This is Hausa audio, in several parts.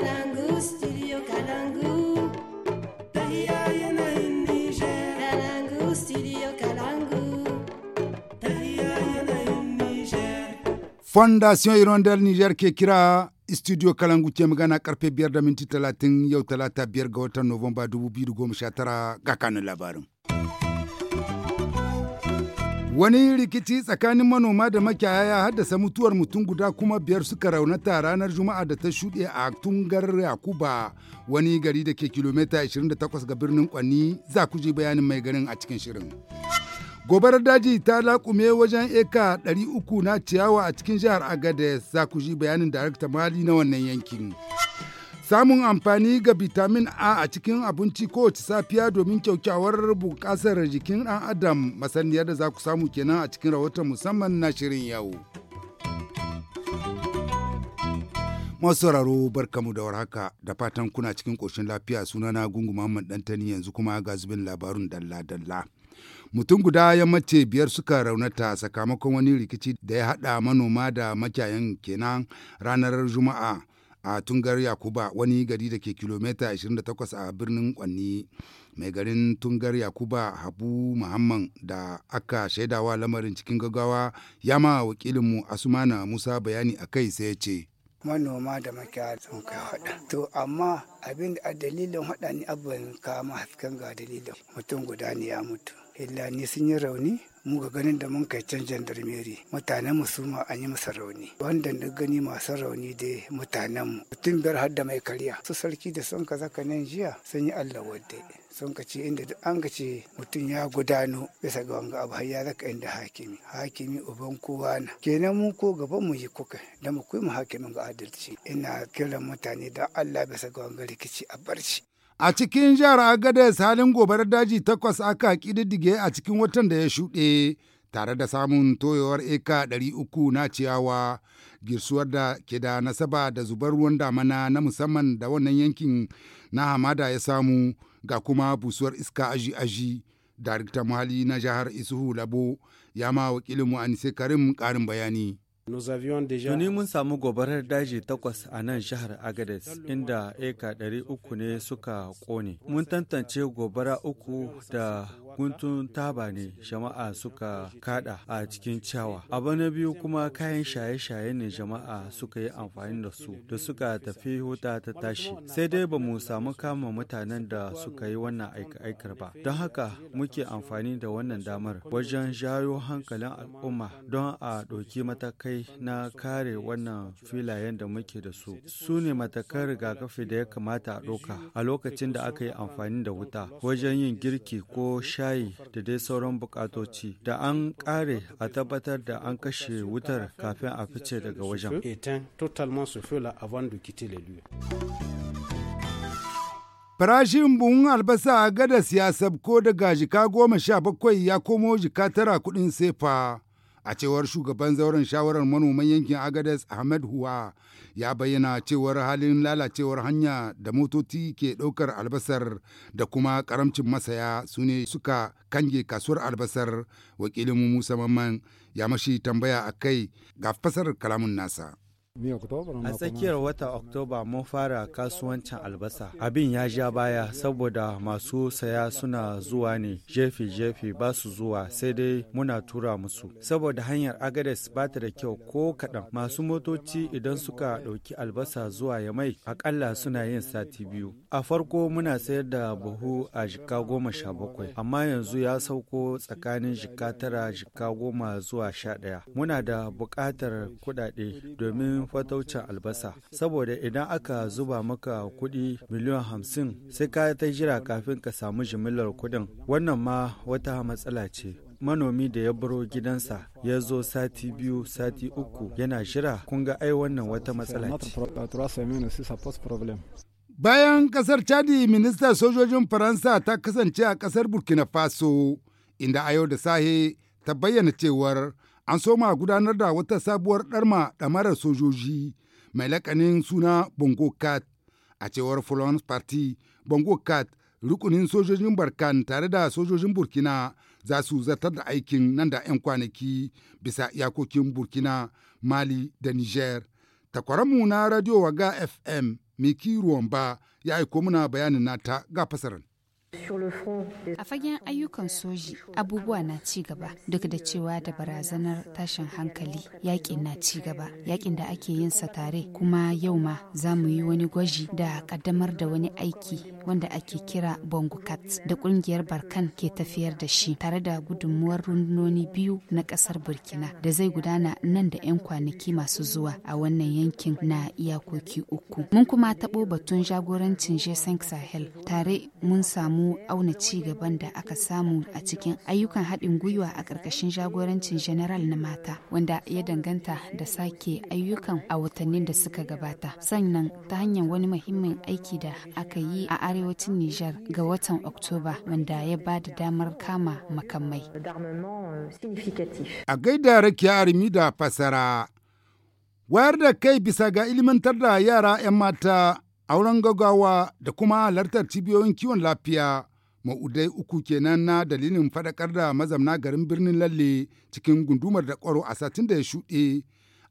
kalangu yanayin niger fondation irondel niger ke kira studio kalangu ke magana karfe biyar da minti talatin yau talata biyar ga watan nuwamba dubu biyu da goma sha tara ga kanin labarin Wani rikici tsakanin manoma da makiyaya ya haddasa mutuwar mutum guda kuma biyar suka raunata ranar Juma'a da ta shuɗe a Tungar Yakuba wani gari da ke kilomita 28 ga birnin Kwanni za ku ji bayanin mai garin a cikin shirin. Gobarar daji ta laƙume wajen eka 300 na ciyawa a cikin jihar Agadez za ku ji bayanin darakta mali na wannan yankin. Samun amfani ga bitamin A a cikin abinci kowace safiya domin kyaukyawar bunkasar jikin ɗan Adam masaniyar da za ku samu kenan a cikin rahoton musamman na shirin yau. Masu sauraro barkamu da warhaka da fatan kuna cikin ƙoshin lafiya sunana Gungu Muhammad Dantani yanzu kuma ga zubin labarun dalla-dalla. mutum guda ya mace biyar suka raunata sakamakon wani rikici da ya haɗa manoma da makiyayan kenan ranar juma'a a tungar yakuba wani gari da ke kilomita 28 a birnin kwanni mai garin tungar yakuba habu muhammad da aka shaidawa lamarin cikin gaggawa ya ma wakilinmu asumana musa bayani a kai sai ya ce manoma da makiyaya sun kai hada to amma abin da dalilin hada ni abin kama hasken ga dalilin mutum guda ne ya mutu illa ni sun yi rauni mu ga ganin da mun kai can jandarmeri mutanen mu su an yi masa rauni wanda na gani masu rauni da mutanen mu mutum biyar har da mai karya su sarki da sun ka zaka nan jiya sun yi allah wadda sun ka ce inda duk an ka ce mutum ya gudano bisa ga wanga abu ya zaka inda hakimi hakimi uban kowa na kenan mu ko gaban mu yi kuka da mu kuma hakimin ga adalci ina kiran mutane da allah bisa ga wanga rikici a barci A cikin jihar Agadez halin gobarar daji takwas aka ƙididdige a cikin watan da ya shuɗe tare da samun toyowar eka 300 na ciyawa girsuwar da ke da nasaba da zubar ruwan damana na musamman da wannan yankin na hamada ya samu ga kuma busuwar iska aji-aji daraktan muhalli na jihar isuhu labo ya ma wakilinmu anise karim ƙarin bayani. Tuni mun samu gobarar daji takwas a nan shahar Agadez inda eka ɗari uku ne suka ƙone. Mun tantance gobara uku da guntun taba ne jama'a suka kada a cikin ciyawa. Abu na biyu kuma kayan shaye-shaye ne jama'a suka yi amfani da su da suka tafi huta ta tashi. Sai dai ba mu samu kama mutanen da suka yi wannan aika-aikar ba. Don haka muke amfani da wannan damar wajen jayo hankalin al'umma don a ɗauki matakai na kare wannan filayen da muke da su su ne matakan rigakafi da ya kamata a ɗauka a lokacin da aka yi amfani da wuta wajen yin girki ko shayi da dai sauran bukatoci da an kare a tabbatar da an kashe wutar kafin a fice daga wajen Farashin buhun albasa a gada siyasab ko daga jika goma sha bakwai ya komo jika tara kuɗin sefa. a cewar shugaban zauren shawarar manoman yankin agades ahmed huwa ya bayyana cewar halin lalacewar hanya da motoci ke ɗaukar albasar da kuma karamcin masaya su ne suka kange kasuwar albasar wakilin musa mamman ya mashi tambaya a kai ga fasar kalamun nasa A tsakiyar wata Oktoba mun fara kasuwancin albasa. Abin ya ja baya saboda masu saya suna zuwa ne jefi-jefi ba su zuwa sai dai muna tura musu. Saboda hanyar Agades ba ta da kyau ko kaɗan. Masu motoci idan suka ɗauki albasa zuwa ya mai akalla suna yin sati biyu. A farko muna sayar da buhu a jika goma sha bakwai amma yanzu ya sauko tsakanin jika tara jika goma zuwa sha ɗaya. Muna da buƙatar kuɗaɗe domin domin fataucin albasa saboda idan aka zuba maka kuɗi miliyan hamsin sai ka ta jira kafin ka samu jimillar kuɗin wannan ma wata matsala ce manomi da ya baro gidansa ya zo sati biyu sati uku yana jira kun ga ai wannan wata matsala ce bayan kasar chadi ministan sojojin faransa ta kasance a kasar burkina faso inda a yau da sahe ta bayyana cewar An soma gudanar da wata sabuwar ɗarma ɗamarar sojoji mai lakanin suna Bongo Cat a cewar Florence Party Bongo Cat rukunin sojojin Barkan tare da sojojin Burkina za su zartar da aikin nan da 'yan kwanaki bisa iyakokin Burkina, Mali da Niger. Takwaranmu na Radio Waga FM Miki ba ya aiko muna bayanin nata ga fasarar. A fagen ayyukan soji abubuwa na ci gaba duk da cewa da barazanar tashin hankali yakin na ci gaba yakin da ake yin sa tare kuma yau ma za mu yi wani gwaji da kaddamar da wani aiki wanda ake kira cat da kungiyar Barkan ke tafiyar da shi tare da gudunmuwar rundunoni biyu na kasar Burkina da zai gudana nan da 'yan kwanaki masu zuwa a wannan yankin na iyakoki uku. Mun kuma taɓo batun jagorancin g Sahel tare mun samu mu auna ci gaban da aka samu a cikin ayyukan haɗin gwiwa a ƙarƙashin jagorancin general na mata wanda ya danganta da sake ayyukan a watannin da suka gabata sannan ta hanyar wani muhimmin aiki da aka yi a arewacin niger ga watan Oktoba wanda ya ba da damar kama makamai. Euh, a gaida rakiya da fasara, wayar da kai bisa ga ilimantar da yara 'yan mata auren gaggawa da kuma halartar cibiyoyin kiwon lafiya ma'udai uku kenan na dalilin faɗakar da mazamna garin birnin lalle cikin gundumar da kwaro a satin da ya shuɗe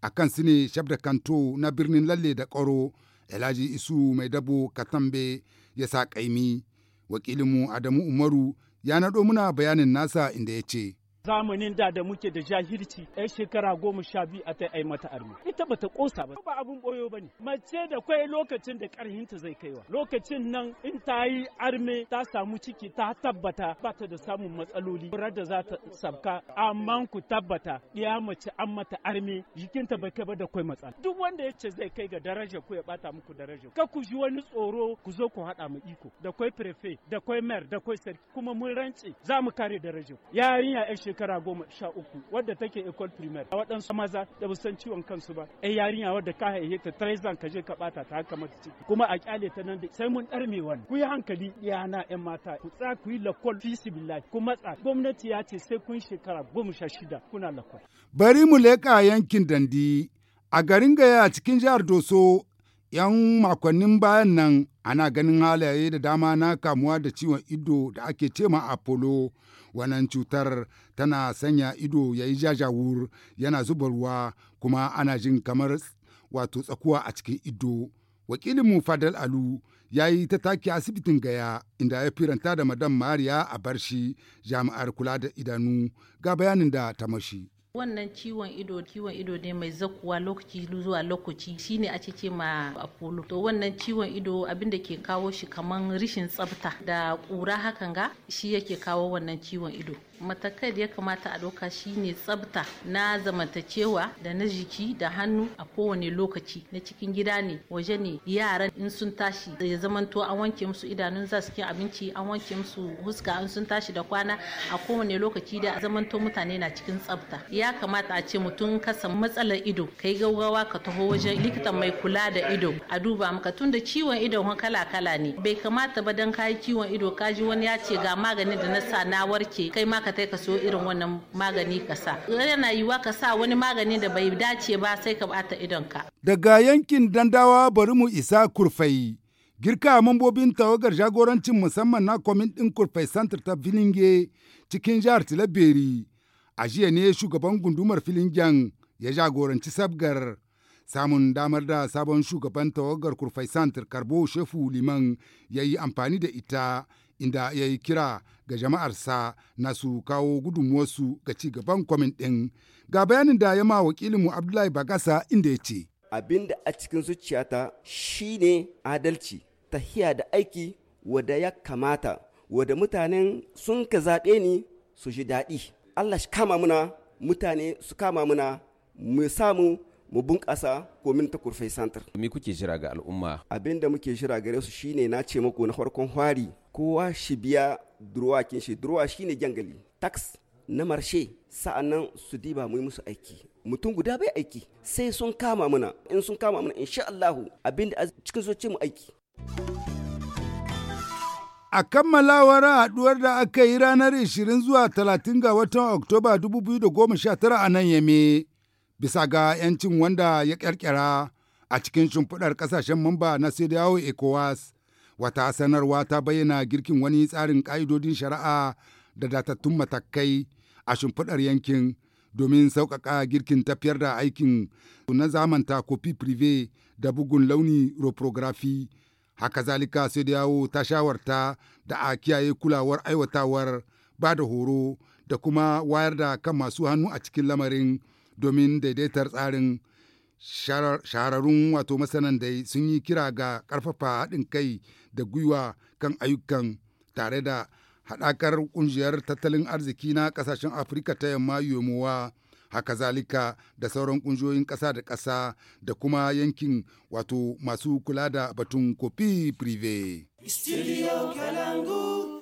a kan su ne shabda kanto na birnin lalle da kwaro Elaji Isu mai dabo Katambe ya sa ƙaimi. Wakilinmu Adamu Umaru ya naɗo muna bayanin nasa inda ya ce. zamanin da da muke da jahilci yan shekara goma sha biyu a ta ai mata armi ita bata kosa ba ba abun boyo ba ne mace da kwai lokacin da karhinta zai kai wa? lokacin nan in ta yi arme ta samu ciki ta tabbata ba ta da samun matsaloli da za ta sabka amma ku tabbata ya mace an mata arme jikinta bai kai ba da kwai matsala duk wanda ya ce zai kai ga daraja ku ya bata muku daraja ka ku ji wani tsoro ku zo ku haɗa mu iko da kwai prefe da kwai mayor da kwai sarki kuma mun rance za mu kare daraja yarinya ya shekara goma sha uku wadda take ecole primaire a waɗansu maza da ba san ciwon kansu ba ai yarinya wadda ka haihe ta trezan ka je ka bata ta haka mata ciki kuma a kyale ta nan da sai mun ɗarme wani ku yi hankali yana yan mata ku tsaya ku yi lakol fi billahi ku matsa gwamnati ya ce sai kun shekara goma sha shida kuna lakol. bari mu leƙa yankin dandi a garin gaya cikin jihar doso 'yan makonnin bayan nan ana ganin halaye da dama na kamuwa da ciwon ido da ake cema apollo wannan cutar tana sanya ido ya yi jajawur yana zuba ruwa kuma ana jin kamar wato tsakuwa a cikin ido wakilinmu fadal alu ya yi ta taki asibitin gaya inda ya firanta da madam mariya a barshi jami'ar kula da idanu ga bayanin da ta mashi. wannan ciwon ido ciwon ido ne mai zakuwa lokaci zuwa lokaci shine a ce ma apollo to wannan ciwon ido abinda ke kawo shi kaman rishin tsafta da ƙura hakan ga shi yake kawo wannan ciwon ido matakai da ya kamata a ɗauka shine tsabta na zamantakewa da na jiki da hannu a kowane lokaci na cikin gida ne waje ne yaran in sun tashi ya zamanto an wanke musu idanun za su abinci an wanke musu huska in sun tashi da kwana a kowane lokaci da zamanto mutane na cikin tsabta ya kamata a ce mutum kasa matsalar ido kai gaugawa ka taho wajen likitan mai kula da ido a duba maka da ciwon idon kala kala ne bai kamata ba dan kayi ciwon ido ka ji wani ya ce ga maganin da na sa na warke kai ma ka ka so irin wannan magani ka sa yana yiwuwa ka sa wani magani da bai dace ba sai ka bata idon ka daga yankin dandawa bari mu isa kurfai girka mambobin tawagar jagorancin musamman na kwamin ɗin kurfai santar ta filinge cikin jihar tilaberi a jiya ne shugaban gundumar filingen ya jagoranci sabgar samun damar da sabon shugaban tawagar kurfai santar karbo shefu liman ya yi amfani da ita inda ya yi kira ga jama'arsa na su kawo gudunmuwarsu ga ci gaban kwamin ɗin. Ga bayanin da ya ma wakilinmu Abdullahi Bagasa inda ya ce. Abin da a cikin zuciyata shine adalci, tahiya da aiki wada ya kamata, wada mutanen sun ka zaɓe ni su ji daɗi. Allah shi kama muna mutane su kama muna mu samu mu bunƙasa komin ta kurfai santar. Me kuke jira ga al'umma? Abin da muke jira gare su shine na ce muku na farkon hwari kowa shi biya durowa kin shi durowa shine jangali tax na marshe sa'annan su diba mu yi musu aiki mutum guda bai aiki sai sun kama mana in sun kama mana insha Allahu abin da cikin ce mu aiki. A kammalawar haɗuwar da aka yi ranar 20 zuwa 30 ga watan Oktoba 2019 a nan Yame. bisa ga 'yancin wanda ya ƙyarƙyara a cikin shimfiɗar ƙasashen mamba na CDAO ECOWAS. Wata sanarwa ta bayyana girkin wani tsarin ƙa'idodin shari'a da datattun matakai a shimfiɗar yankin domin sauƙaƙa girkin tafiyar da aikin na zamanta kofi prive da bugun launi roprography Haka zalika CDAO ta shawarta da a kiyaye kulawar aiwatawar ba da horo da kuma wayar da kan masu hannu a cikin lamarin. domin daidaitar tsarin shahararrun wato masanan dai sun yi kira ga ƙarfafa haɗin kai da gwiwa kan ayyukan tare da haɗakar ƙungiyar tattalin arziki na ƙasashen afirka ta yamma yomowa haka zalika da sauran ƙungiyoyin ƙasa da ƙasa da kuma yankin wato masu kula da batun kofi prive. Studio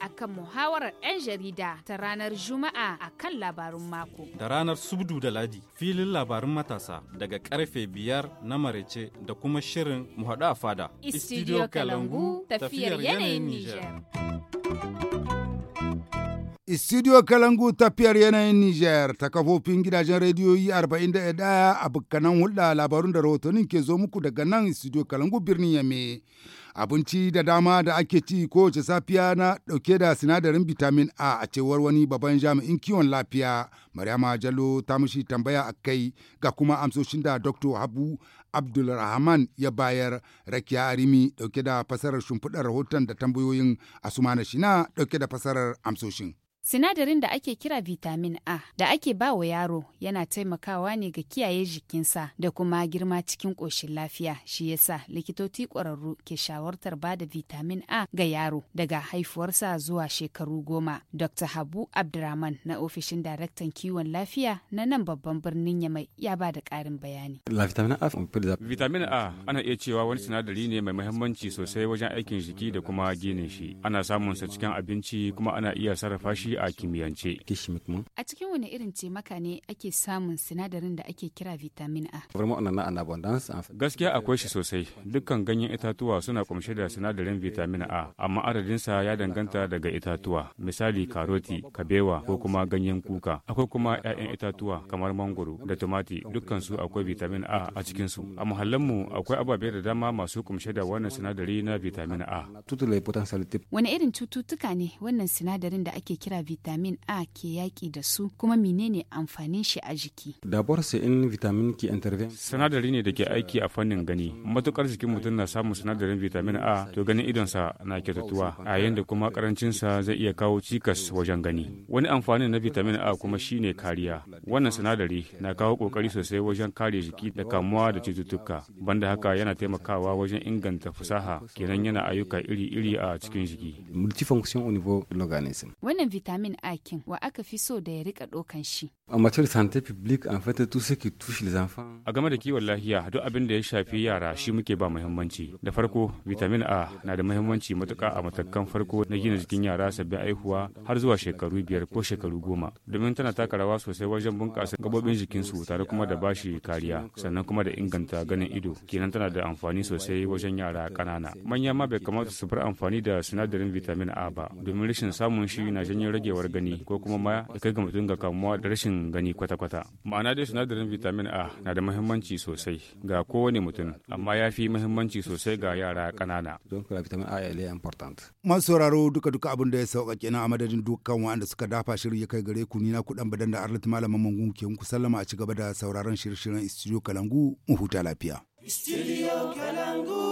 akan muhawarar 'yan jarida ta ranar Juma'a a kan labarun mako. Da ranar Subdu da Ladi filin labarun matasa daga karfe biyar na marece da kuma shirin muhaɗu a fada. Istidiyo Kalangu tafiyar yanayin Nijar. Istidiyo Kalangu tafiyar yanayin Nijar ta kafofin gidajen rediyoyi 41 a bukkanan hulɗa labarun da rahotannin ke zo muku daga nan Istidiyo Kalangu birnin Yame. abinci da dama da ake ci kowace safiya na dauke da sinadarin vitamin a a cewar wani babban jami'in kiwon lafiya maryama jalo ta mushi tambaya a kai ga kuma amsoshin da dr habu abdulrahman ya bayar rakiya arimi dauke da fasarar shimfiɗar rahoton da tambayoyin asumana shina dauke da fasarar amsoshin Sinadarin da ake kira vitamin A da ake ba wa yaro yana taimakawa ne ga kiyaye jikinsa da kuma girma cikin ƙoshin lafiya shi yasa likitoci ƙwararru ke shawo. shawartar ba da vitamin A ga yaro daga haifuwarsa zuwa shekaru goma. Dr. Habu abdulrahman na ofishin daraktan kiwon lafiya na nan babban birnin Yamai ya ba da ƙarin bayani. Vitamin A ana iya cewa wani sinadari ne mai muhimmanci sosai wajen aikin jiki da kuma ginin shi. Ana samun sa cikin abinci kuma ana iya sarrafa shi a kimiyyance. A cikin wani irin taimaka ne ake samun sinadarin da ake kira vitamin A? Gaskiya akwai shi sosai. Dukkan ganyen itatuwa suna kumshe da sinadarin vitamin A, amma adadinsa ya danganta daga itatuwa, misali karoti, kabewa ko kuma ganyen kuka. Akwai kuma 'ya'yan itatuwa kamar mangoro da tumati dukkansu akwai vitamin A a cikinsu. A mu akwai ababe da dama masu kumshe da wannan sinadari na vitamin A. Wani irin cututtuka ne wannan sinadarin da ake kira vitamin A ke yaƙi da su kuma menene amfanin shi a jiki? Sinadari ne da ke aiki a fannin gani. matuƙar jikin mutum na samun sinadarin vitamin bitamin a to ganin idonsa na kyautatuwa a yayin da kuma karancinsa zai iya kawo cikas wajen gani wani amfanin na vitamin a kuma shine kariya wannan sinadari na kawo kokari sosai wajen kare jiki da kamuwa da cututtuka banda haka yana taimakawa wajen inganta fasaha kenan yana ayyuka iri-iri a cikin jiki multifunction au niveau de l'organisme wannan vitamin a kin wa aka fi so da ya rika dokan shi A game da kiwon lafiya duk abin da ya shafi yara shi muke ba muhimmanci. Da farko, vitamin A na da muhimmanci matuka a matakan farko na gina jikin yara sabbin aihuwa har zuwa shekaru biyar ko shekaru goma. Domin tana taka rawa sosai wajen bunƙasa gaɓoɓin jikinsu tare kuma da bashi kariya, sannan kuma da inganta ganin ido. Kenan tana da amfani sosai wajen yara ƙanana. Manya ma bai kamata su bar amfani da sinadarin vitamin A ba, domin rashin samun shi na janyo ragewar gani ko kuma ma ya kai ga mutum ga kamuwa da rashin gani kwata-kwata ma'ana dai sinadarin vitamin a na da muhimmanci sosai ga kowane mutum amma ya fi muhimmanci sosai ga yara ƙanana masu sauraro duka-duka abin da ya sauka kenan a madadin dukkan wanda suka dafa shirin ya kai gare ku ni na kuɗin badan da arlit malamin mangun ke muku sallama a ci gaba da sauraron shirye-shiryen studio kalangu mu huta lafiya studio kalangu